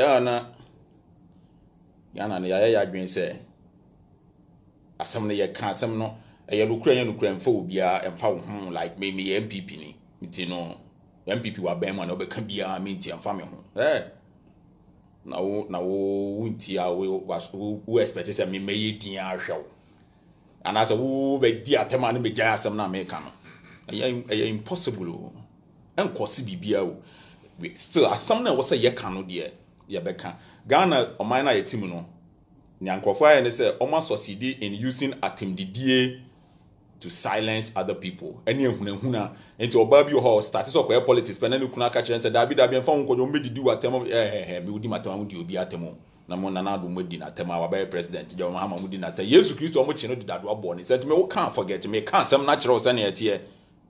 ɛyɛ na ghana no yɛayɛ e yɛ adwene sɛ asɛm no yɛka asɛm no ɛyɛ nokura yɛ nokura mfa obiara ɛmfa wo ho like me meyɛ mpp ni nti no mpp wabɛn mu a na wobɛka biara menti ɛmfa me ho ɛ na wo na wo wonti a wo wo expect sɛ memɛyɛ din ahwɛ wo anaasɛ wobɛdi atɛm a ne mɛgyae asɛm no a meka no ɛyɛ e e impossible o ɛnkɔse biribiara o still asɛm no a ɛwɔ sɛ yɛka no deɛ yɛbɛka ghana ɔman no a yɛte mu no nea nkurɔfoɔ ayɛ ne sɛ ɔma succeed in using atemdidie to silence other people ɛne ehunahuna nti ɔbaa bi wɔ hɔ ɔstati sɛ ɔkɔyɛ politics pɛ na ne kuna aka kyerɛ sɛ daabi daabi nfa wɔn nkɔdɔ wɔn didi wɔ atɛm ɛhɛhɛ mi wodi mu atɛm a mo di obi atɛm na mo nana do mo di n'atɛm a wabɛyɛ president gya wɔn hama mo di n'atɛm yesu kristo ɔmo kyi no deda do abɔ ne sɛ tumi wo kan forget me kan sɛm na kyerɛw sɛ ne yɛteɛ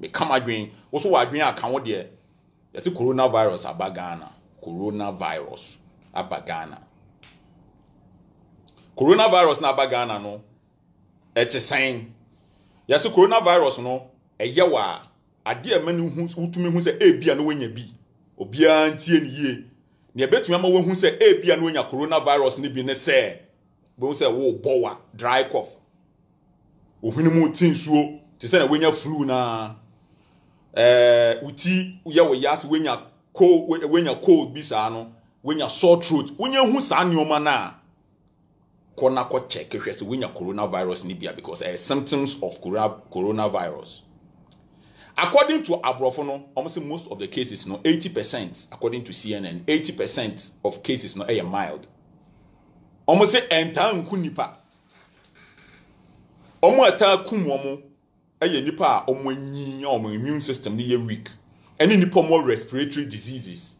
me kam adwene woso wɔ adwene aka ho deɛ yɛsi coronavirus aba ghana coronavirus aba ghana coronavirus na aba ghana no ɛte sɛn yɛsɛ coronavirus no ɛyɛ wa a adeɛ ɛma no wotumi hu sɛ ebia na wanya bi obiara ntie ne yie nea ɛbɛtumi ama wahu sɛ ebia na wanya coronavirus no bi ne sɛ bɛhu sɛ wɔrebɔ wa dry cough ohun mu ti nsuo te sɛ na wanya flu naa ɛɛ uti yɛ wɔ yaase wanya cold wanya cold bi saa no. wonya sore throat wonya hu saa nneɛma no a kɔ na kɔ check hwɛ sɛ wonya coronavirus ni bia because ɛyɛ eh, symptoms of coronavirus according to aborɔfo no wɔn sɛ most of the cases no 80 percent according to cnn 80 percent of cases no ɛyɛ eh, mild wɔn sɛ ɛntaa nku nipa wɔn a ɛtaa kum wɔn ɛyɛ nipa a wɔn anyi a wɔn immune system no yɛ eh, weak ɛne nipa wɔn respiratory diseases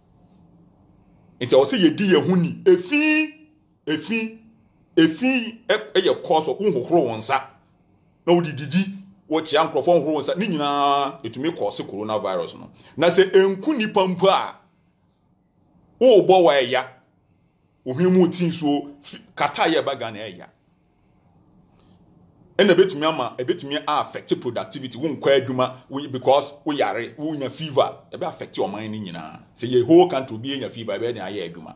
nti ɔsɛ yɛdi yɛn ho ni efi efi efi ɛyɛ kɔɔ so nhohoro wɔn nsa na wɔde didi wɔkyea nkurɔfoɔ nhohoro wɔn nsa ne nyinaa etumi kɔɔ se corona no na sɛ enku nipa mpo a wɔrebɔ wɔn ɛya ohun mu ti nsuo kata yɛ ba ghana ɛya ɛna ebetumi ama ebetumi affect productivity wo nkɔ adwuma because wo yare wo nya fever ebe affect ɔman ne nyinaa sɛ yɛ whole country obi nya fever ebe na ayɛ adwuma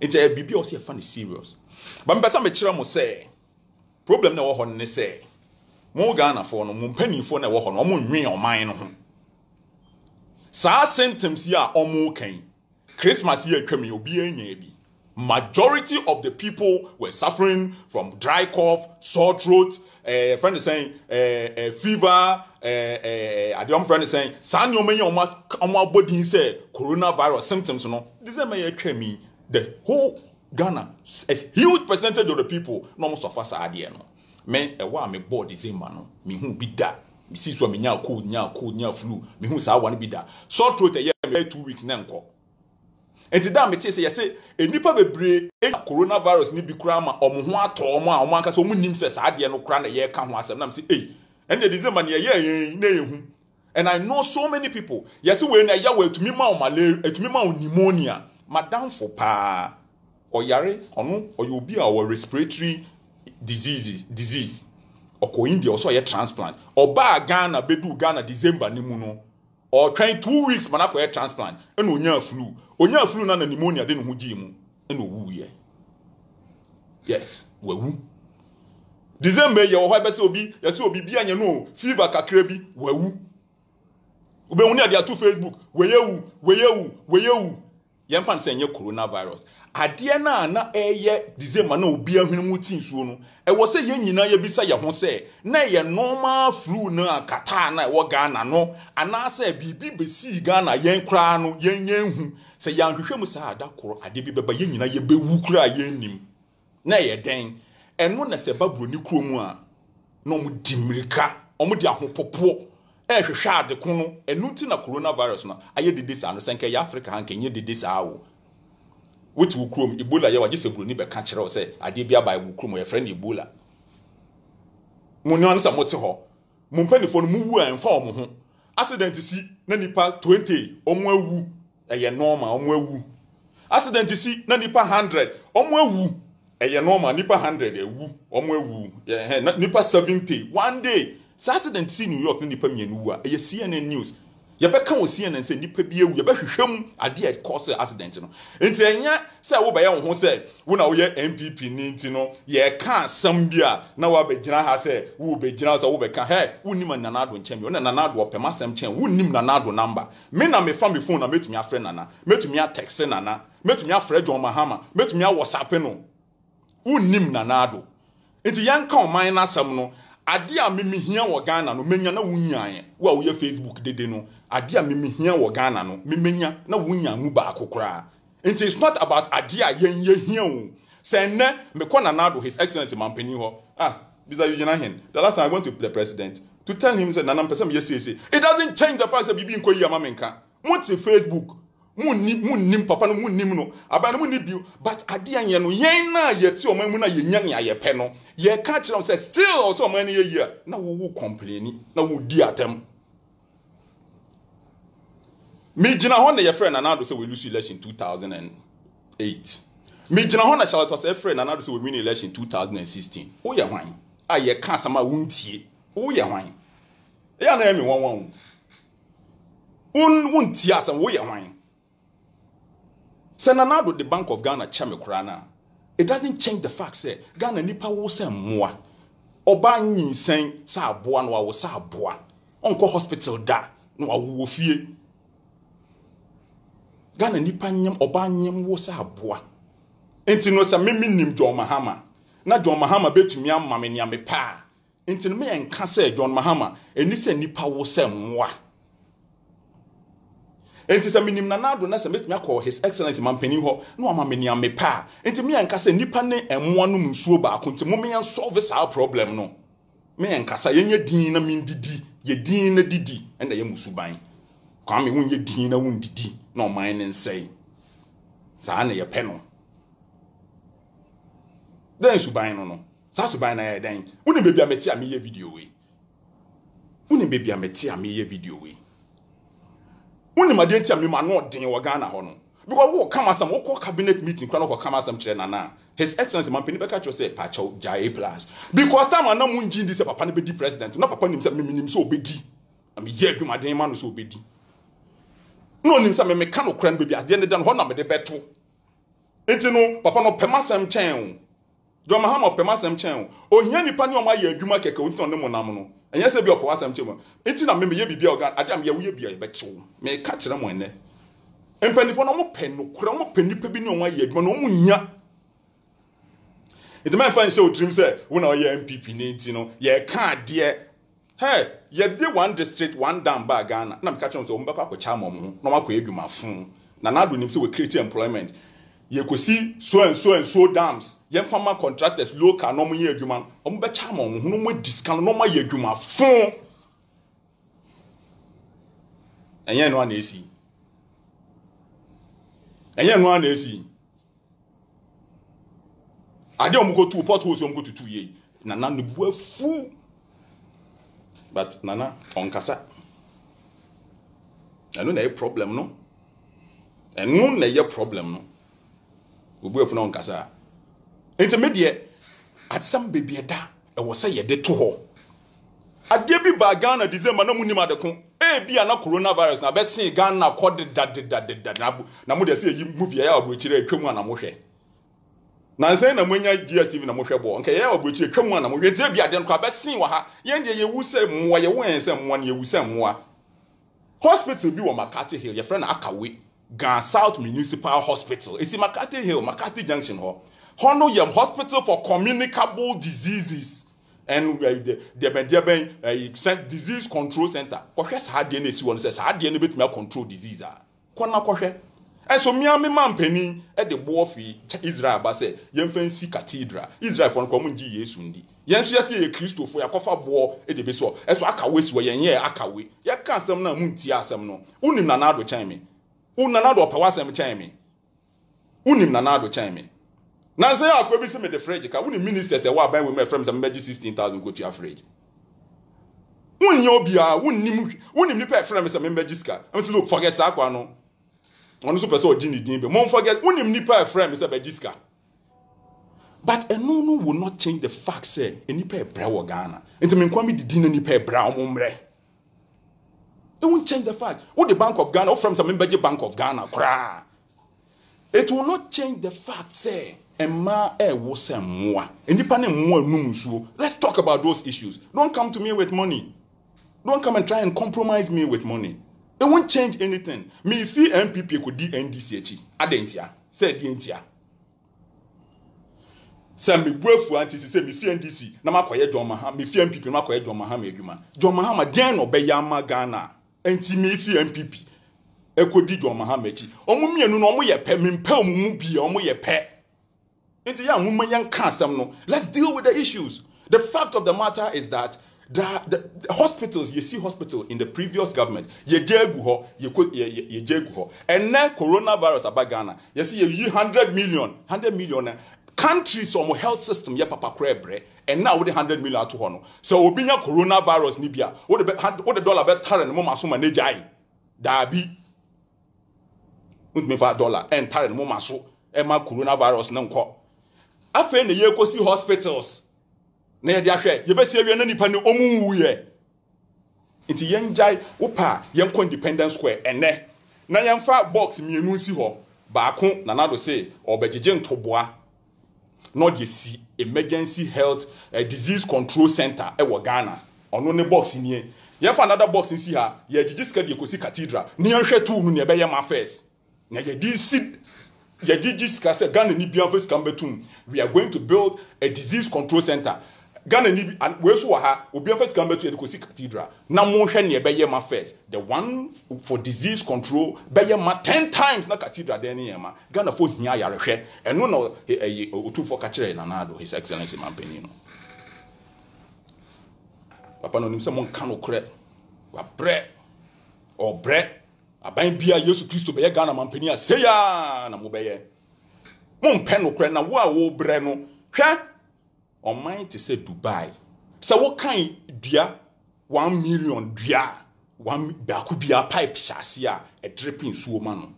nti ɛyɛ biribi a ɔsi ɛfa ne serious ba mpɛ sɛ mekyerɛ mo sɛ problem na ɛwɔ hɔ ne sɛ mo ghanafoɔ no mo mpanimfoɔ na ɛwɔ hɔ no ɔmo nwi ɔman no ho saa symptoms yi a ɔmo kan christmas yi atwam yi obiara nya bi majority of the people were suffering from dry cough sore throat uh, friend is saying uh, uh, fever adeɛ ɔmo friend is saying saa nneɛma yi a ɔmo abɔ din sɛ coronavirus symptoms no december yɛ twɛ mi the whole ghana a huge percentage of the people na ɔmo sɔfa saa adeɛ no mɛ ɛwɔ a mi bɔ december no mi hu bi da mi si so a mi nya cold nya cold nya flu mi hu saa awa no bi da sore throat ɛyɛ mi two weeks na nkɔ nti da mete sɛ yɛsɛ nnipa bebree ɛnya coronavirus ne bi koraa ma ɔmo ho atɔ ɔmo a ɔmo ankasa ɔmo nim sɛ saa adeɛ no koraa na yɛreka ho asɛm nam sɛ ei ɛnna yɛde sɛ ma nea yɛyɛ yɛn na yɛn hu and i know so many people yɛsɛ wei na ɛyɛ wɔ etumi ma wɔn malaria etumi ma wɔn pneumonia madamfo paa ɔyare ɔno ɔyɛ obi a ɔwɔ respiratory diseases disease ɔkɔ india ɔsɔ ɔyɛ transplant ɔbaa ghana bedu ghana december ne mu no ɔtwɛn two weeks ma n'akɔyɛ transplant ɛna onyaa flu onyaa flu na na pneumonia de ne ho gyee mu ɛna owu yɛ yes wawu december yɛ wɔ hɔ ɛbɛsɛ obi yɛsɛ obi bi anyɛ no fever kakra bi wawu obɛnwuni adi ato facebook wɛyɛ wu wɛyɛ yɛmfa no sɛ ɛnyɛ coronavirus adeɛ no a na ɛyɛ december na obi ahwene mu ti nsuo no ɛwɔ sɛ yɛn nyinaa yɛbisa yɛn ho sɛ na ɛyɛ normal flu no a kataa no a ɛwɔ ghana no anaasɛ biribi bɛsii ghana yɛn koraa no yɛn yɛn hu sɛ yɛahwehwɛ mu saa ada ah, korɔ adeɛ bi bɛba yɛn nyinaa yɛbɛwu koraa yɛn nim na ɛyɛ dɛn ɛno na sɛ ɛba buroni kuro mu a na wɔn di mmirika wɔn di ahopopoɔ ɛhwehwɛ ade ko no ɛnu ti na coronavirus no ayɛ dede saa no sɛ nkɛyɛ africa ha nkɛnyɛ dede saa o wotu wo kurom ebola yɛ wagye sɛ buroni bɛka kyerɛ wo sɛ adeɛ bi aba wo kurom yɛfrɛ no ebola mo nneɛma no sɛ mo te hɔ mo mpanimfoɔ no mo wu a nfa wɔn ho accident si na nipa twenty wɔn awu ɛyɛ norma wɔn awu accident si na nipa hundred wɔn awu ɛyɛ norma nipa hundred awu wɔn awu ɛhɛn nipa seventy one day. saa accident si new york ne nipa mmienu wu a ɛyɛ cnn news yɛbɛka wɔ cnn sɛ nipa bi ewu yɛbɛhwehwɛ mu adeɛ a kɔɔ sɛ accident no nti ɛnya sɛ wobɛyɛ wo ho sɛ wo na woyɛ npp ne nti no yɛka asɛm bi a na woabɛgyina ha sɛ wobɛgyina sɛ wobɛka hɛ wonnim nana ado nkyɛn bi na nana ado ɔpɛm asɛm kyɛn wonnim nana ado namba me na mefa me phone na mɛtumi afrɛ nana mɛtumi atɛkse nana mɛtumi afrɛ john mahama mɛtumi awɔsape no wonnim nana ado nti yɛnka ɔman no no ade a mimihia wɔ ghana no menya na wonyaeɛ wo a woyɛ facebook dede no ade a mimihia wɔ ghana no memenya na wonya mu baako koraa nti it's not about ade a yɛnyɛ hia o sɛ nnɛ mekɔ nanado his excellence mampanin hɔ ah bisa yogyina hen the last time i went to the president to tell him sɛ nana mpɛ sɛ meyɛ siesie it doesn't change the fact sɛ Bibi nkɔ yi ama menka mote facebook munnim papa no munnim no aban no munnim bio but adeɛ yɛ no yɛn na yɛte ɔman mu na yɛnya nea yɛpɛ no yɛka kyerɛ sɛ still ɔsɛ ɔman no yɛ yie na wowu kɔmpleni na wodi atɛm megyina hɔ na yɛfrɛ nanado sɛ wɔlusu election 2008 megyina hɔ na charlotte sɛ ɛfrɛ nanado sɛ wɔwin election 2016 woyɛ hwan a yɛka asɛm a wontie woyɛ hwan ɛyɛ na ɛmi wɔn wɔn wontie asɛm woyɛ hwan sɛ the bank of ghana kyɛ me koraa no a it doesn't change the fact sɛ ghana nipa wo sɛ mmoa ɔbaa nyinsɛn sɛ aboa no wawo sɛ aboa ɔnkɔ hospital da na wawo wɔ fie ghana nipa nyɛm ɔbaa nyɛm wo sɛ aboa nti no sɛ mimi nim john mahama na john mahama bɛtumi ama me nneɛma paa nti no meyɛ nka sɛ john mahama ɛni sɛ nipa wo sɛ mmoa nti sɛ menim nanado na sɛ mɛtumi akɔ his excellence mampanin hɔ na wama me nea mepɛ a nti meyɛ nkasa nnipa ne mmoa nom nsuo baako nti momeyɛ nsɔve saa problem no meyɛ nkasa yɛnyɛ din na mendidi yɛ din na didi ɛna yɛ musu ban kwame wonyɛ din na wondidi na ɔman ne nsɛe saa na yɛpɛ no dɛn suban no no saa suban na yɛ dɛn wonim baabi a mete a meyɛ video wei wonim baabi a mete a meyɛ video wei wonim adeɛ nti a mema no ɔden wɔ ghana hɔ no because wo kama asam wo cabinet meeting kura na kɔ kama asam kyerɛ nana his excellence mampanin bɛka kyerɛ sɛ pakyɛw gya plus because time anam mu ngyin di sɛ papa no bɛdi president na papa nim sɛ mimi nim sɛ obɛdi ami yɛ adwuma den ma no sɛ obɛdi na onim sɛ mimi ka no kura no baabi adeɛ ne da no hɔ na mede bɛto eti no papa no pɛm asɛm kyɛn o john mahama pɛm asɛm kyɛn o ohia nipa ne ɔmo ayɛ adwuma kɛkɛ o ti na ɔne nam no ɛnyɛ sɛ bi ɔkɔ asɛm kyɛ mu eti na mmemme yɛ biribi a ɔgan adi a yɛ woyɛ bia yɛbɛkyew mɛ ka kyerɛ mo ɛnɛ mpanyinfoɔ na wɔn pɛ nokora wɔn pɛ nipa bi ne wɔn ayɛ adwuma na wɔn nya ntoma nfa nhyɛ otirim sɛ wɔn na ɔyɛ npp ne nti no yɛka adeɛ hɛ yɛde one district eh, one down baa ghana na mɛ ka kyerɛ mo sɛ wɔn bɛkɔ akɔkyɛ ama wɔn ho na wɔn akɔ yɛ adwuma fun na n'ado nim sɛ wɔ create employment yɛkɔsi so and so and so dams yɛmfa ma contractors local na ɔmo yɛ adwuma no ɔmo bɛkyɛ ama ɔmo ho na ɔmo di sika no na ɔmo ayɛ adwuma fún ɛnyɛ no a na esi ɛnyɛ no a esi adeɛ ɔmo kɔ tu pot holes ɔmo kɔ tutu yie nana ne bu afu but nana ɔnkasa ɛno na ɛyɛ problem no ɛno na ɛyɛ problem no. obuafo no nkasa nti me deɛ adesɛm beebi ɛda ɛwɔ sɛ yɛde to hɔ adeɛ bi baa ghana december na mu nim adeko ebi a na coronavirus na bɛsen ghana kɔ deda na mu de sɛ yi mu bia yɛ aburokyire atwa mu a na mo hwɛ nansan na mu nya gstv na mo hwɛ bɔ nka yɛ aburokyire atwa mu a na mo hwɛ nti ebi adeɛ no kɔ abɛsen wɔ ha yɛn deɛ yɛwu sɛ mmoa yɛwɔ yɛn sɛ mmoa na yɛwu sɛ mmoa hospital bi wɔ makati hill yɛfrɛ no akawe ghana south municipal hospital esi Makate hill Makate junction hɔ hɔ no yɛ hospital for communicable diseases and uh, dɛbɛndɛbɛn ɛyi uh, disease control center kɔhwɛ saa adeɛ na esi wɔn sɛ saa adeɛ na betumi control disease a kɔnna kɔhwɛ ɛso miami man panyin ɛde boɔ fi israel ba sɛ yɛnfɛ nsi cathedral israel fɔ no kɔn mu ngyi yesu ndi yɛn nso yɛsi yɛ kristofo yɛakɔfa boɔ ɛde besi hɔ ɛso akawe si hɔ yɛn yɛ akawe yɛka asɛm na mu ntia asɛm no wunim na n'ado kyɛn mi wo nana do ɔpɛ w'asɛm kyɛn mi wonim nana do kyɛn mi nansɛn akɔ bi si mi de fridge ka wonim ministers ɛwɔ aban wɔ mu ɛfrɛm sɛ mbɛgye sixteen thousand kotua fridge wonyɛ obiara wonim wonim nipa ɛfrɛm sɛ mbɛgye sika ɛmu sɛ look forget saa akwa no ɔno nso pɛ sɛ ɔgye ne din bi mo n forget wonim nipa ɛfrɛm sɛ bɛgye sika but ɛno no will not change the fact sɛ nipa ɛbrɛ wɔ ghana nti mi nkɔmi didi na nipa ɛbrɛ ɔmo mbrɛ change the fact Who the bank of ghana wo from sɛ membɛgye bank of ghana koraa it will not change the fact Say, Emma, ɛɛwo eh, sɛ a nnipa independent mmoa num let's talk about those issues don't come to me with money don't come and try and compromise me with money it won't change anything mefi npp kò di ndc Adentia. Say ntia sɛ ɛdi ntia sɛ mebu afu ante sɛ sɛ mefie ndc na makɔyɛ john mahama mefie npp na makɔyɛ john mahama adwuma john mahama dɛn na ɔbɛyɛ ama ghana nti mefi npp ɛkɔdi john mahama akyi ɔmo mmienu no ɔmo yɛ pɛ mempɛ ɔmo mu bie ɔmo yɛ pɛ nti yɛ ahoma yɛn ka asɛm no let's deal with the issues the fact of the matter is that the, the, the hospitals yɛsi hospital in the previous government yɛgye egu hɔ yɛkɔ yɛ yɛgye egu hɔ ɛnɛ coronavirus aba ghana yɛsi yɛyi hundred million hundred million eh, countries ɔmo health system yɛ papa kora ɛbrɛ ɛnna wode hundred million ato hɔ no sɛ obi nya coronavirus ni bia wode bɛ wode dollar bɛ tare ne mo ma so ma ne gyae daabi ntumi fa dollar ɛntare ne mo ma so ɛma coronavirus ne nkɔ afei na yɛ kɔsi hospitals na yɛde ahwɛ yɛbɛsi awia na nipa ne ɔmo nwu yɛ nti yɛn gyae wopa yɛn kɔ independence square ɛnɛ eh, na yɛn fa box mmienu si hɔ baako nanado se ɔbɛgyegye ntoboa na ɔde si emergency health uh, disease control center ɛwɔ eh, ghana ɔno ne box nie yɛfa another box si ha yɛgyegye sika deɛ kɔsi cathedral ne yɛnhwɛ too no ne ɛbɛyɛ ma first na yɛde si yɛgyegye sika sɛ ghana ni bia fɛ sika mbɛtum we are going to build a disease control center ghana ni bi wee so wɔ ha obi afa sika mbɛto yɛ de si cathedral na mo hwɛ nea bɛyɛ ma first the one for disease control bɛyɛ ma ten times na cathedral dan ne yɛn ma ghana fo hia yarehwɛ ɛno na ɛyɛ otumfo kakyerɛ nana do his excellence ma mpanyin no papa na onim sɛ mo nka no korɛ wabrɛ ɔbrɛ aban bi a yesu kristo bɛyɛ ghana ma mpanyin a seya na mo bɛyɛ mo mpɛ no korɛ na wo a wo brɛ no hwɛ ɔman te sɛ dubai sɛ wokan dua one million dua one baako bia pipe hyɛ a ɛdrepe nsuo ma no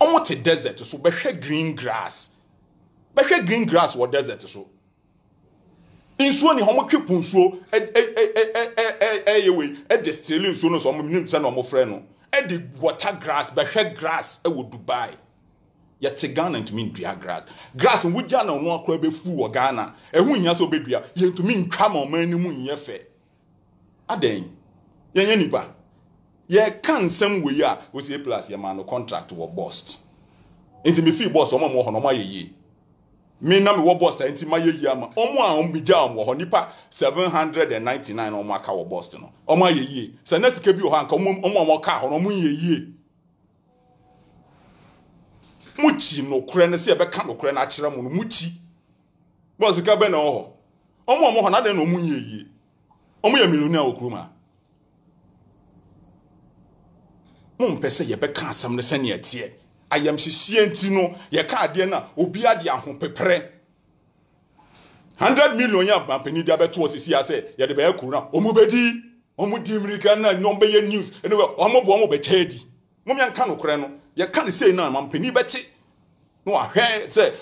wɔn te desert so bɛhwɛ green grass bɛhwɛ green grass wɔ desert so nsuo ni wɔn twe po nsuo ɛyɛ wei ɛde stili nsuo no so wɔn nim sɛ na wɔn frɛ no ɛde water grass bɛhwɛ grass ɛwɔ dubai yɛte ghana ntumi ndua grass grass wogya na ɔno akora bɛfu wɔ ghana ɛho nya sɛ ɔbɛdua yɛntumi ntwa ma ɔman no mu nyɛ fɛ adɛn yɛnyɛ nipa yɛka nsɛm wei a osie plus yɛma no contract wɔ bost nti mefii bost ɔma mɔ hɔ no ɔma yɛ yie me na mewɔ bost a nti ma yɛ yie ama ɔmo a ɔmegya ɔmo wɔ hɔ nipa seven hundred and ninety nine ɔmo aka wɔ bost no ɔmo ayɛ yie sɛ ne sika bi wɔ hɔ anka ɔmo a ɔmo kaa hɔ no ɔmo nyɛ yie mukyi nokorɛ no sɛ yɛbɛka nokorɛ no akyerɛ mu no mukyi bɔ sika bɛ na ɔwɔ hɔ ɔmo ɔmo hɔ n'adɛn na ɔmo nyɛ yie ɔmo yɛ milionia wɔ kurom a mo mpɛ sɛ yɛbɛka asɛm no sɛnea ɛteɛ ayamhyehyeɛ nti no yɛka adeɛ no a obiara de ahopeprɛ hundred million yɛ abampanin de abɛto wɔ sisi asɛ yɛde bɛyɛ kuro na ɔmo bɛdi ɔmo di mirika na nyɔm bɛyɛ news anyway ɔmo bɔ ɔmo bɛkyɛ di mom yɛnka nokorɛ no yɛka ne sei no a mampanin bɛte na wahwɛ sɛ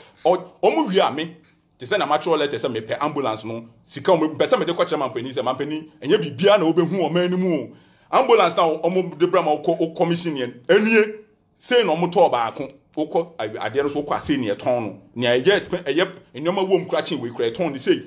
ɔmo wie a me te sɛ na matwerɛ lɛtɛ sɛ mepɛ ambulance no sika ɔmo mpɛ sɛ mede kɔkyerɛ mampanin sɛ mampanin ɛnyɛ biribiara na wobɛhu ɔman no mu o ambulance na ɔmo de brɛ ma wokɔ commission yɛn ɛnie sei na ɔmo tɔɔ baako wokɔ adeɛ no so wokɔ ase neɛ tɔn no nea ɛyɛ ɛyɛ nneɛma wɔ kura kyen wɔ ekura ɛtɔn ne sei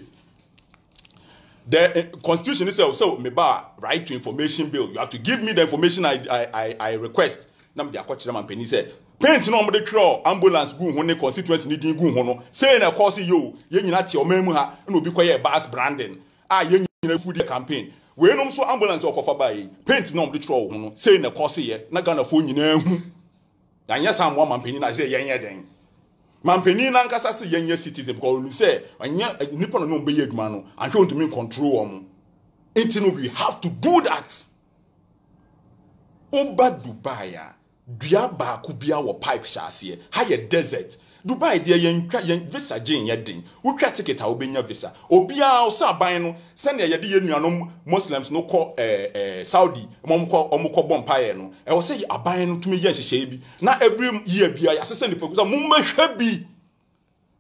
the eh, constitution itself so me ba right to information bill you have to give me the information i i i, I request nam de akɔkyerɛ ma mpanyin sɛ paint na wɔde twerɛ ambulance gu ho ne constituency ne din gu ho no sɛn na ɛkɔɔ sɛ yo yɛn nyinaa te ɔman mu ha ɛna obi kɔyɛ bas branding a yɛn nyinaa fu de campaign weinom nso ambulance ɔkɔfa baa yi paint na wɔde twerɛ ho no sɛn na ɛkɔɔ sɛ yɛ na ghanafoɔ nyinaa hu yɛn nyɛ saa mmoa ma mpanyin na sɛ yɛn yɛ den mampanin nankasa sɛ yɛnyɛ citizen because ɔnu sɛ ɔnyɛ nipa na ne ɔbɛyɛ adwuma no ahwɛ ntumi control wɔn nti no we have to do that ɔba dubai a dua baako bi wɔ pipe hyɛ aseɛ ha yɛ desert dubai deɛ yɛntwa yɛn visa gye nyɛ den wotwa ticket a wobɛnya visa obiara ɔsɛ aban no sɛnea yɛde yɛn nuanom muslims no kɔ ɛɛ ɛɛ saudi ɔmo kɔ ɔmo kɔ bɔ mpaeɛ no ɛwɔ sɛ aban no tumi yɛ nhyehyɛe bi na every year bia yɛasesɛ nipa kuta mo mmɛhwɛ bi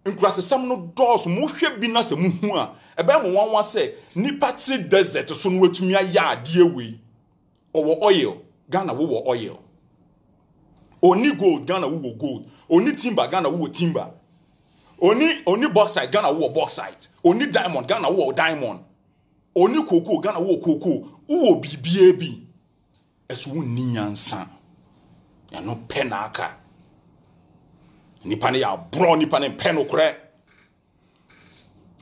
nkurasesɛm no dɔɔso mohwɛ bi na sɛ muhu a ɛbɛn mo nwanwa sɛ nipa ti desert so no watumi ayɛ adeɛ wei ɔwɔ oil ghana wo oil oni gold ghana wowɔ gold oni timber ghana wowɔ timber oni oni bauxite ghana wowɔ bauxite oni diamond ghana wowɔ diamond oni koko ghana wowɔ cocoa. wowɔ biribiara bi ɛso ni nyansa ɛno pɛ n'aka nipa no yɛ aborɔ nipa no mpɛ nokorɛ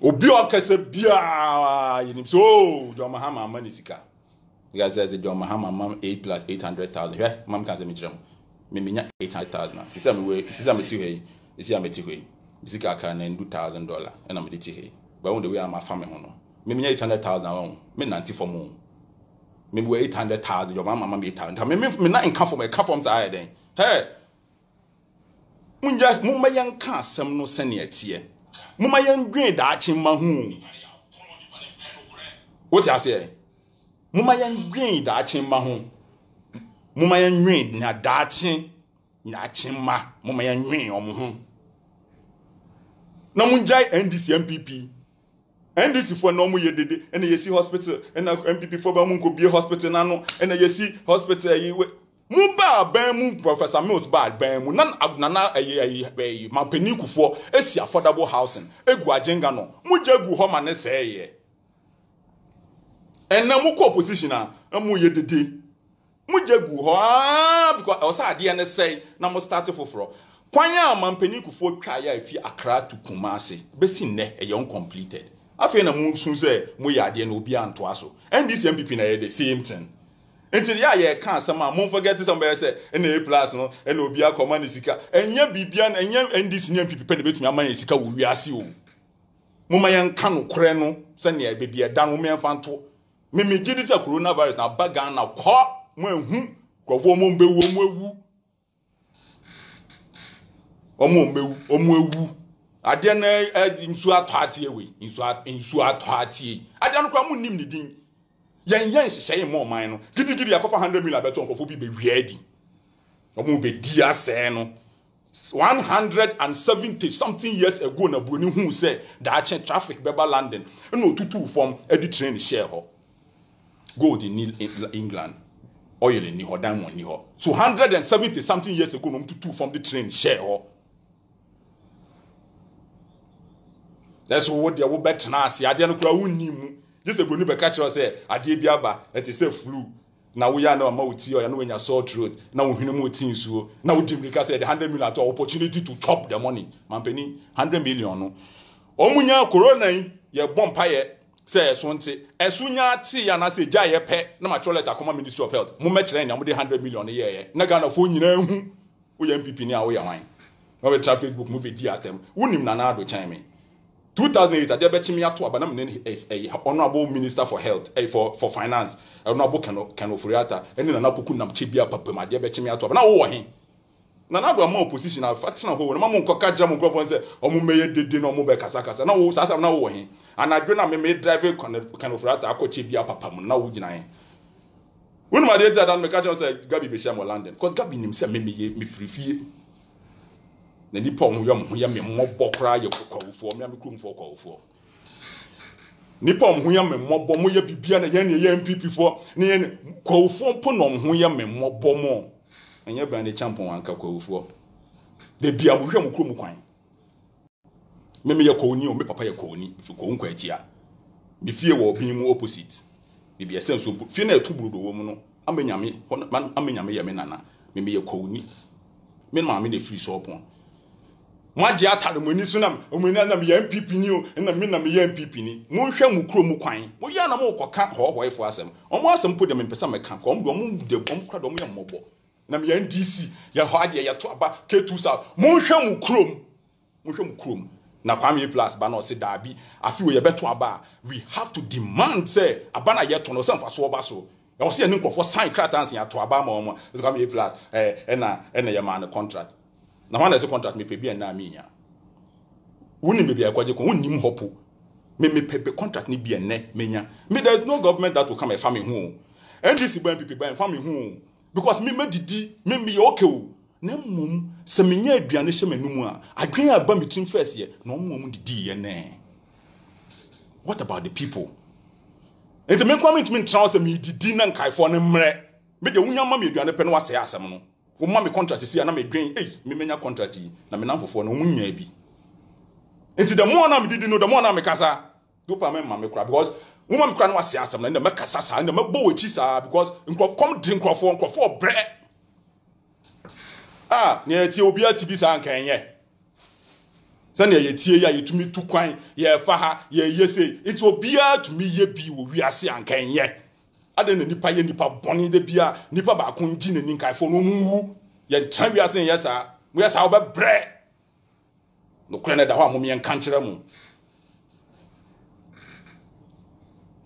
obi a ɔkasa biaa yɛnim sɛ mahama ama ne sika yɛsɛ sɛ john mahama mam eight plus eight hundred thousand hwɛ mam ka sɛ mekyerɛ mu meminya eight hundred thousand a sisi a mewɔ sisi a meti hɔ yi sisi a meti hɔ yi bisi kaka na ndu thousand dollar ɛna mede ti hɔ yi bɛn de wei a fa me ho no meminya eight hundred thousand awɔ me nante fam o memi eight hundred thousand yɔn mama mi eight hundred nta memi mi na nka fam ɛka fam saa ayɛ dɛn hɛ munya mumma yɛn ka asɛm no sɛnea teɛ mumma yɛn dwen daakye ma ho wote aseɛ mumma yɛn dwen daakye ma ho. momma yɛnwen na daakye nyaakye mma momma yɛnwen ɔmo ho na mongyae ndc NPP ndc foɔ na ɔmo yɛ dede ɛna yɛsi hospital ɛna NPP foɔ bɛ mo nkɔbie hospital n'ano ɛna yɛsi hospital ɛyi wɛ mo baa bɛn mu professor mills baa bɛn mu na nana ɛyi ɛyi ɛyi mampanin kufoɔ esi affordable housing egu agyenga no mo gya gu hɔ ma ne sɛɛ yɛ ɛnna mo kɔ opposition a na mo yɛ dede. mugye gu hɔ aa ah, because adeɛ ne sɛe na mo foforɔ kwan a mampanin kufuo twa yɛ efi akra to kumase bɛsi nnɛ ɛyɛ eh, uncompleted afei na mo sɛ mo adeɛ na obi antoa so ndc npp na yɛ the same thing nti yɛ a yɛka asɛm a sɛ mbɛyɛ sɛ no ɛna obi akɔma ne sika ɛnyɛ biribia ndc ne npp pɛ ama sika wɔ wiase o ka no sɛnea ɛda no nto na aba ghana kɔ. mo ehu nkurɔfoɔ ɔmo mbewu ɔmo ewu ɔmo mbewu ɔmo ewu adeɛ no ɛ e, nsu atɔ ateɛ wei nsu nsu atɔ ateɛ adeɛ no koraa mo nim ne din yɛn yɛn hyehyɛ yɛn mɔ ɔman no gidigidi akɔfa hundred million abɛtɔ nkurɔfoɔ bi bewia adi ɔmo bedi asɛɛ no one hundred and seventy something years ago na buroni hu sɛ daakye traffic bɛba london ɛna e otutu fam ɛde train hyɛɛ hɔ gold in england oil ni hɔ dan wɔn ni hɔ so hundred and seventy something years ago na wɔn tutu fam de train share. hɔ ɛsɛ wo deɛ wo bɛ tena ase adeɛ no kura wo ni mu gyesɛ broni bɛka kyerɛ sɛ adeɛ bi aba ɛte sɛ flu na woyɛ anam ama wo ti ɔyɛ na wonya sore throat na wo hwene mu wo ti nsuo na wo di mirika sɛ yɛde hundred million ato opportunity to chop the money mampanin hundred million no wɔn nyinaa corona yi yɛ bɔ mpa yɛ sɛ ɛso nti ɛso nya ti anaasɛ gya yɛ pɛ na ma kyerɛ lɛta kɔma ministry of health mo mɛkyerɛ nea mo de hundred million yɛ yɛ na ghana fo nyinaa hu woyɛ npp ni a woyɛ hwan na wɔbɛ tra facebook mo bɛ di atɛm wonim nana ado kyɛn mi two thousand eight adeɛ bɛkyimi ato aba na mu ne ɛyɛ honourable minister for health ɛyɛ for for finance honourable kano kano furiata ɛne nana poku nam kye bi apapam adeɛ bɛkyimi ato aba na wɔwɔ hin na na do ama opposition na faction ahụ were mamu nkọka gya mu nkurɔfoɔ sɛ ɔmo mmɛyɛ dede na ɔmo kasa kasa na wo sasa saa na wo wɔ he anadwo na mmemme drive kanofurata akɔkye bi apapa mu na wo gyina he wọnum adeɛ ti adan mɛka kyerɛ sɛ gabi bɛ hyia mu london cause gabi nim sɛ mmemme yɛ mefiri fie na nipa ɔmo yɛ ɔmo ho yɛ mmemmɔbɔ koraa yɛ kɔkɔwofoɔ ɔmo yɛ ɔmo kurom foɔ kɔwofoɔ nipa ɔmo ho yɛ mmemmɔbɔ ɔmo yɛ bibia na yɛn ne yɛ npp foɔ ne yɛn ne kɔwofoɔ mpo na ya ho yɛ mmemmɔbɔ mo ɛnyɛ brandi champion anka kɔwufoɔ beebi a wohwɛ mo kurom kwan mmemme yɛ kɔɔni o me papa yɛ kɔɔni fi kɔɔ nkɔ akyi a me fie wɔ ɔbɛn mu opposite beebi ɛsɛ nso fie na ɛtu burodo wɔ mu no ama nyame hɔ ama nyame yɛ me nana mmemme yɛ kɔɔni me maame na efiri sɔɔpɔn mo agye atare mo ani so nam mo ani nam yɛ npp ni o ɛna mi nam yɛ npp ni mo nhwɛ mo kurom kwan mo yɛ anam ɔkɔka hɔɔhɔɔfo asɛm ɔmo asɛm po deɛ mepɛ sɛ mɛka kɔ ɔmo deɛ ɔmo kura deɛ ɔmo yɛ mmɔbɔ nam yɛn dc yɛn hɔ adeɛ yɛto aba k2 sa monhwɛ mu kurom monhwɛ mu kurom na kwame plus ba na ɔsi daabi afi wo yɛbɛto aba we have to demand sɛ aba na yɛto no ɔsɛ nfa so ɔba so ɛwɔ sɛ yɛne nkurɔfoɔ sign krataa nsia to aba ma wɔn ɛsɛ kwame plus ɛɛ ɛna ɛna yɛ maa ne contract na wɔn na ɛsɛ contract mepɛ bi ɛna mi nya wunim beebi a ɛkɔgye kɔ wunim hɔ po me mepɛ bɛ contract ni bi ɛnɛ menya me there is no government that will come ɛfa me ho ndc bɛn pp bɛn ɛfa me ho because mi ma didi mi mi yɛ ɔkɛ o oh. na mmom sɛ mi nya aduane hyɛ m'anim a adwene a ba mi tirim fɛs yɛ na ɔmo ɔmo didi yɛ nɛɛ what about the people nti mi nkwa mi ntumi ntina sɛ mi didi na nkaefoɔ ne mmerɛ mi de wunya ma mi aduane pɛ na wasɛɛ asɛm no wɔn ma mi contract si a na mi dwen eyi mi menya contract yi na mi nan fofoɔ na wɔn nya e, bi nti dɛm na mi didi no dɛm wɔn na mi kasa dupa mi ma mi kora because nwoma nkura no ase asɛm na ndɛ mɛkasa saa ndɛ mɛbɔ wɔ akyi saa because nkurɔfɔm di nkurɔfoɔ nkurɔfoɔ brɛ a nea yɛtie obi ati bi saa nkan yɛ sɛnea yɛtie yi a yɛtumi tu kwan yɛfa ha yɛyɛ se nti obiara tumi yɛ bi wɔ wiase ankan yɛ adan na nipa yɛ nipa bɔnne de bi a nipa baako ngyi n'ani nkaefoɔ na ɔmo wu yɛntena wiase yɛ saa mo yɛ saa ɔbɛbrɛ nokorɛ no da hɔ a mo yɛnka nkyerɛ mo.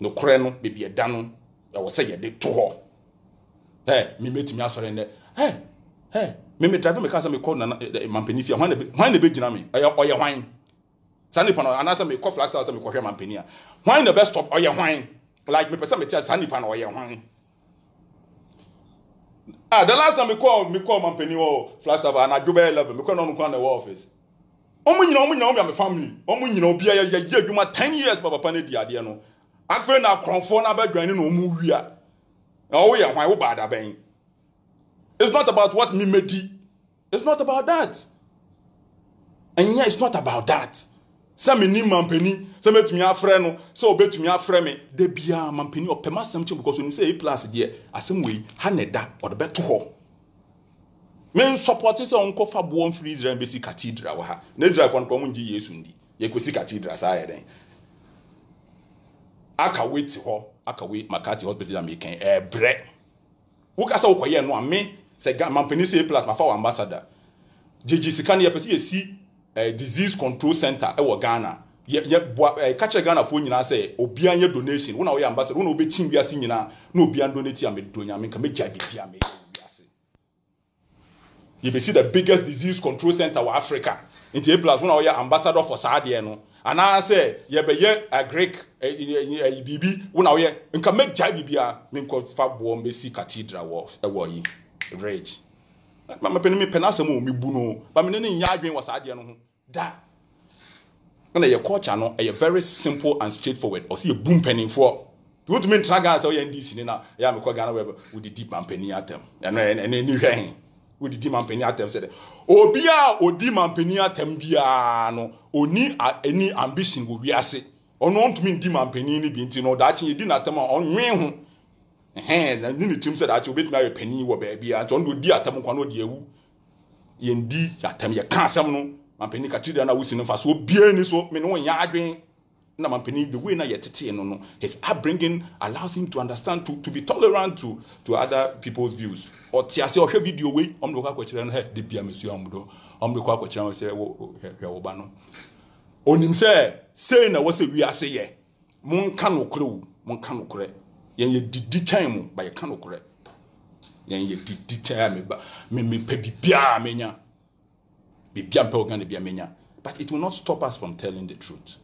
nokorɛ no beebi ɛda no ɛwɔ sɛ yɛde to hɔ ɛ mi mɛtumi asɔre ndɛ ɛ ɛ mímí driver mi ká sɛ mi kɔ nana ɛ mampanin fia hwan na bɛ gyina mi ɛyɛ ɔyɛ hwan saa nipa no anaasɛ mi kɔ flag star sɛ mi kɔ hwɛ mampanin a hwan na bɛ stop ɔyɛ hwan like mi pɛ sɛ mi tia saa nipa na ɔyɛ hwan ah the last time mi kɔ mi kɔ mampanin wɔ flag star anadwo bɛ eleven mi kɔ n'ɔnu kwan na ɛwɔ office wɔn nyinaa wɔn nyinaa wɔn yà mi family wɔn nyinaa obiara yɛ yɛ adwuma ten years papa pa ne di adeɛ no afei na akorɔmfoɔ no abɛdwane na ɔmu wia na ɔwoyɛ hwan wo baada bɛn it's not about what me medi it's not about that And yeah, it's not about that sɛ me ni mampanin sɛ mɛtumi afrɛ no sɛ ɔbɛtumi afrɛ me da biara mampanin ɔpɛ ma asɛm kyɛn because onim sɛ a plus deɛ asɛm wei ha na ɛda ɔde bɛto hɔ me nsɔpɔte sɛ ɔnkɔ fa boɔ mfiri israel bɛsi cathedral wɔ ha na israelfoɔ no kɔn mu ngye yesu ndi yɛkɔsi cathedral saa yɛ dɛn akawe te hɔ akawe makati hospital na mekɛn ɛbrɛ eh, wokasa wokɔyɛ no a me sɛ ga mampanin sɛ aplas mafa wɔ ambassador gyegye sika no yɛpɛ sɛ yɛsi ɛɛ eh, disease control center ɛwɔ ghana yɛ yɛ bua ɛɛ eh, kakyɛ ghanafoɔ nyinaa sɛ obiara nyɛ donation wɔn a wɔyɛ ambassador wɔn a wɔbɛkyin wiase nyinaa na obiara donate a mɛ do nyame nka mɛ gya bibi a mɛ You be see the biggest disease control center wɔ africa nti aplas one a wɔyɛ ambassador for saa adeɛ no anaasɛ yɛbɛyɛ agric ɛɛ biribi wɔn a wɔyɛ nka mɛgya biribi a menkɔfa boɔ mbɛsi cathedral wɔ ɛwɔ yi rage mama pɛni mi pɛni asɛm a mi bu no bami ne ne nya adwene wɔ saa adeɛ no ho da ɛna yɛ culture no ɛyɛ very simple and straightforward ɔsi yɛ bu mpanyinfoɔ wotumi ntina ghana sɛ ɔyɛ ndc ni na ɛyɛ amikɔ ghana wɛ wodi di mampanin atɛm ɛno ɛno ɛni hwɛn wodidi mampanin atɛm sɛ dɛ obi a odi mampanin atɛm biara no oni ani ambition wɔ wiase ɔno ɔntumi ndi mampanin no bi nti no daakye yɛdi n'atɛm a ɔnwee ho ɛhɛn na ne ne tirim sɛ daakye obetumi ayɛ panin wɔ beebi a nti ɔno de odi atɛm kwan na ɔde awu yɛn di atɛm yɛ ka asɛm no mampanin katidra na wusi ne nfa so obiara ni so mene wɔn nyɛ adwene na mampanin the way na yɛtete no no his upbringing allows him to understand to to be tolerant to to other people's views ɔte ase ɔhwɛ video wei ɔmo de kɔ akɔkyerɛ no hɛ de bia mesua ɔmo do ɔmo de kɔ akɔkyerɛ no sɛ wɔ hwɛ ɔba no onim sɛ sei na wɔsɛ wiase yɛ monka nokorɛ o monka nokorɛ yɛn yɛ didi kyɛn mu ba yɛka nokorɛ yɛn yɛ didi kyɛn a meba me mepɛ bibiara menya bibiara mpɛ ɔgan de bia menya but it will not stop us from telling the truth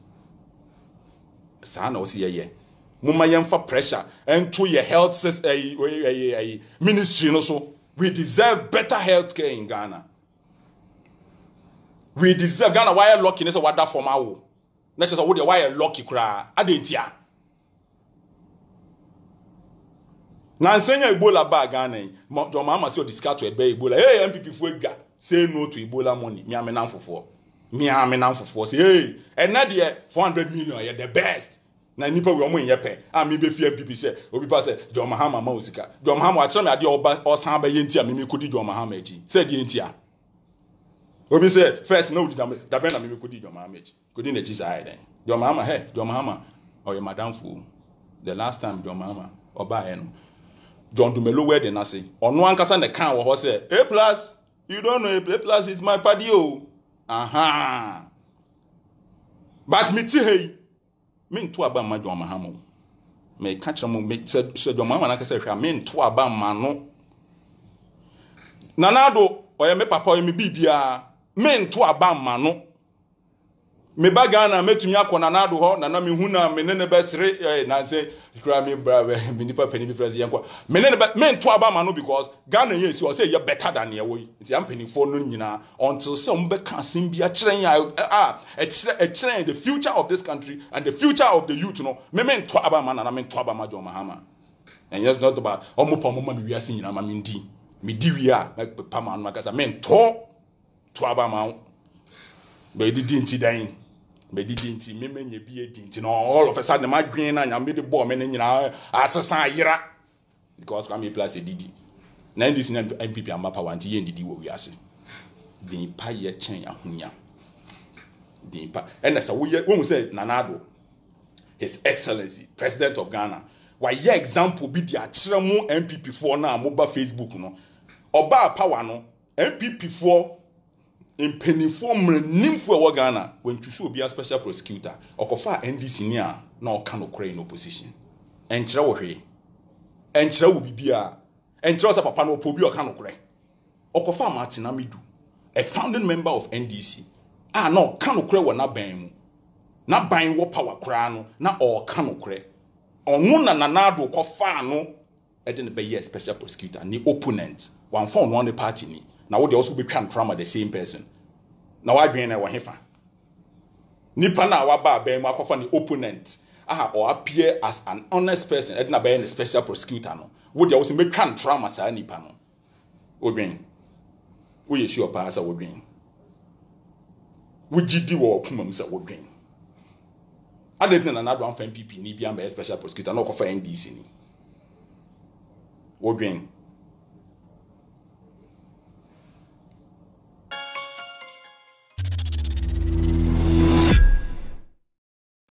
saa na ɔsi yɛyɛ moma yɛmfa pressure ɛnto yɛ health ɛyi ministry no so we deserve better health care in ghana we deserve ghana wayɛ lucky ne sɛ wada fam awo na kyerɛ sɛ wo deɛ wayɛ lucky koraa adan tia na nsɛnya ebola baa ghana yi dɔn maa ma sɛ ɔde sika to ɛbɛn ebola ee npp fo ega say no to ebola money miame nan fofoɔ mia me nam fofoɔ sɛ ee ɛnɛ deɛ four hundred million yɛ the best na nipa wi ɔmo nyɛ pɛ a mi bɛ fi npp sɛ obi pa sɛ john mahama ma o sika john mahama akyerɛ mi adeɛ ɔba ɔsan bɛyɛ nti a mimi ko di john mahama akyi sɛ deɛ nti a obi sɛ first na o di dabɛn na mimi ko di john mahama akyi ko di n'akyi saa yɛ dɛ john mahama hɛ john mahama ɔyɛ madamfo the last time john mahama ɔbaa yɛ no john dumelo wɛ de n'ase ɔno ankasa ne kan wɔ hɔ sɛ a plus you don't know a plus is my padi o. Oh. aha but mete ha yi mento aba mma dwama ha mo meka kyerɛ mo sɛ dwama ma no akasɛ hwɛ a mento aba mma no nanado ɔyɛ me papa ɔyɛ me biribiaa mento aba mma no meba ghana mɛtumi akɔ nanado hɔ nana mehu na me ne ne bɛsere eh, nansɛ kura mi bra mi nipa panyin bi fira si yɛn kɔ mɛ ne bɛ mɛ nto aba ma no because ghana yɛ esi ɔsɛ yɛ bɛta da nea wɔyi nti yɛn mpanyinfoɔ no nyinaa until sɛ ɔmo bɛ kan sin bi akyerɛn a a ɛkyerɛ ɛkyerɛn the future of this country and the future of the youth no mɛ mɛ nto aba ma nana mɛ nto aba ma jɔn ma ha ma ɛnyɛ sɛ ɔtɔba ɔmo pa ɔmo ma mi wiase nyinaa ma mi di mi di wia mɛ pa ma ano akasa mɛ nto to aba ma bɛɛ di di nti dan yi medidi nti mmemme nye bi edi nti na all of a sudden ma dwen na nyame de bɔɔ me ne nyinaa asesa ayera because kame plus edidi na ndc na npp ama power nti yɛ ndidi wɔ wiase den yɛ kyɛn ahonya den ɛna sɛ woyɛ wɔn sɛ nanado his excellence president of ghana wayɛ example bi de akyerɛ mu npp foɔ na a mo ba facebook no ɔbaa power no npp foɔ. mpanimfoɔ mmaranimfoɔ a ɛwɔ ghana obi obiara special prosecutor ɔkɔfa ndc ni a na ɔka no kora in opposition ɛnkyerɛ wɔ hwee ɛnkyerɛ wɔ biribiara ɛnkyerɛ sɛ papa no ɔpɔ obi ɔka no kora ɔkɔfa a martin amidu a founding member of ndc a na ɔka no kora wɔ n'aban mu n'aban wɔ power no na ɔɔka no kora ɔno na nanaado kɔfa ano ɛde ne bɛyɛ special prosecutor ne opponent wanfa ɔno ne party ni na wo deɛ ɔso betwa trauma the same person na wadwene na wɔhefa nipa na waba abɛn mu akɔfa ne opponent a ɔappear as an honest person ɛde na bɛyɛ ne special prosecutor no wo deɛ ɔso betwa ntrama saa nipa no odwen woyɛ sure paa sɛ wodwen wogyi di wɔ ɔkoma mu sɛ wodwen adantina na n'ado anfa npp ni bi ama yɛ special prosecutor na ɔkɔfa ndc ni. Woodring